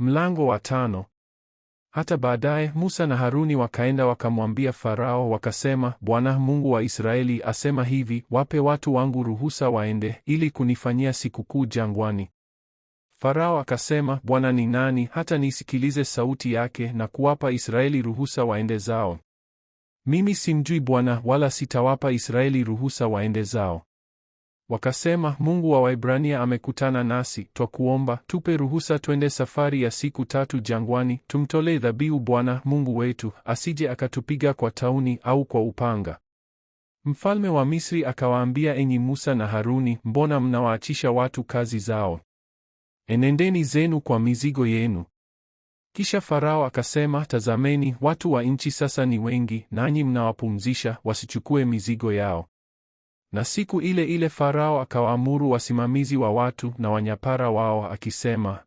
Mlango wa tano. Hata baadaye Musa na Haruni wakaenda wakamwambia Farao, wakasema, Bwana Mungu wa Israeli asema hivi, wape watu wangu ruhusa waende ili kunifanyia sikukuu jangwani. Farao akasema, Bwana ni nani hata nisikilize sauti yake na kuwapa Israeli ruhusa waende zao? Mimi simjui Bwana, wala sitawapa Israeli ruhusa waende zao. Wakasema, Mungu wa Waibrania amekutana nasi, twakuomba tupe ruhusa twende safari ya siku tatu jangwani, tumtolee dhabihu Bwana Mungu wetu, asije akatupiga kwa tauni au kwa upanga. Mfalme wa Misri akawaambia, enyi Musa na Haruni, mbona mnawaachisha watu kazi zao? Enendeni zenu kwa mizigo yenu. Kisha Farao akasema, tazameni, watu wa nchi sasa ni wengi, nanyi mnawapumzisha wasichukue mizigo yao. Na siku ile ile Farao akawaamuru wasimamizi wa watu na wanyapara wao akisema,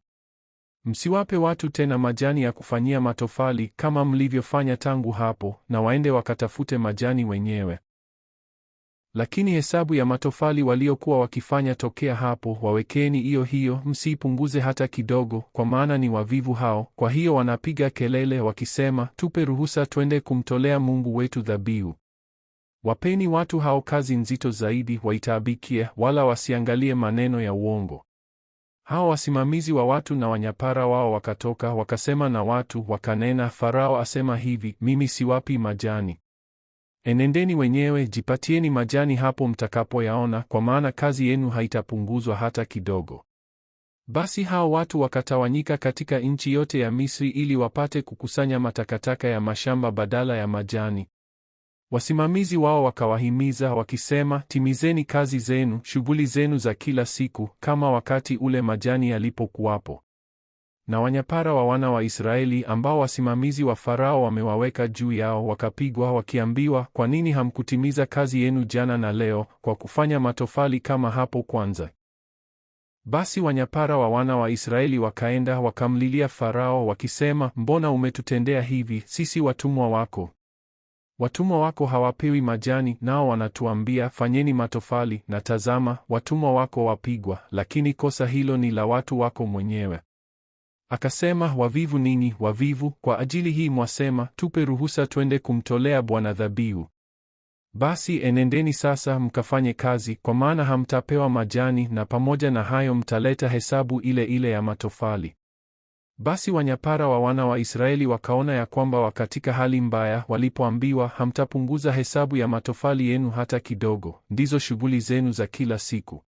msiwape watu tena majani ya kufanyia matofali kama mlivyofanya tangu hapo, na waende wakatafute majani wenyewe. Lakini hesabu ya matofali waliokuwa wakifanya tokea hapo wawekeni iyo hiyo, msiipunguze hata kidogo, kwa maana ni wavivu hao. Kwa hiyo wanapiga kelele wakisema, tupe ruhusa twende kumtolea Mungu wetu dhabihu. Wapeni watu hao kazi nzito zaidi waitaabikie, wala wasiangalie maneno ya uongo. Hao wasimamizi wa watu na wanyapara wao wakatoka wakasema na watu wakanena, Farao asema hivi, mimi siwapi majani. Enendeni wenyewe jipatieni majani hapo mtakapoyaona, kwa maana kazi yenu haitapunguzwa hata kidogo. Basi hao watu wakatawanyika katika nchi yote ya Misri ili wapate kukusanya matakataka ya mashamba badala ya majani. Wasimamizi wao wakawahimiza wakisema, timizeni kazi zenu, shughuli zenu za kila siku, kama wakati ule majani yalipokuwapo. Na wanyapara wa wana wa Israeli ambao wasimamizi wa Farao wamewaweka juu yao wakapigwa, wakiambiwa, kwa nini hamkutimiza kazi yenu jana na leo kwa kufanya matofali kama hapo kwanza? Basi wanyapara wa wana wa Israeli wakaenda wakamlilia Farao wakisema, mbona umetutendea hivi? Sisi watumwa wako. Watumwa wako hawapewi majani, nao wanatuambia fanyeni matofali, na tazama, watumwa wako wapigwa, lakini kosa hilo ni la watu wako mwenyewe. Akasema, wavivu ninyi, wavivu! Kwa ajili hii mwasema, tupe ruhusa twende kumtolea Bwana dhabihu. Basi enendeni sasa mkafanye kazi, kwa maana hamtapewa majani, na pamoja na hayo mtaleta hesabu ile ile ya matofali. Basi wanyapara wa wana wa Israeli wakaona ya kwamba wakatika hali mbaya, walipoambiwa hamtapunguza hesabu ya matofali yenu hata kidogo, ndizo shughuli zenu za kila siku.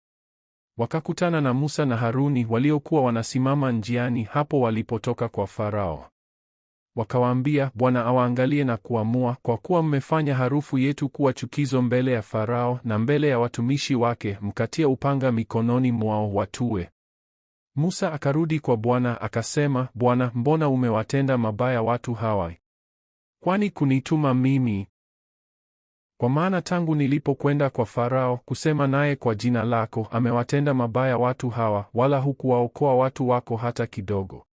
Wakakutana na Musa na Haruni waliokuwa wanasimama njiani hapo walipotoka kwa Farao. Wakawaambia, Bwana awaangalie na kuamua, kwa kuwa mmefanya harufu yetu kuwa chukizo mbele ya Farao na mbele ya watumishi wake, mkatia upanga mikononi mwao watue. Musa akarudi kwa Bwana akasema, Bwana, mbona umewatenda mabaya watu hawa? Kwani kunituma mimi? Kwa maana tangu nilipokwenda kwa Farao kusema naye kwa jina lako, amewatenda mabaya watu hawa, wala hukuwaokoa watu wako hata kidogo.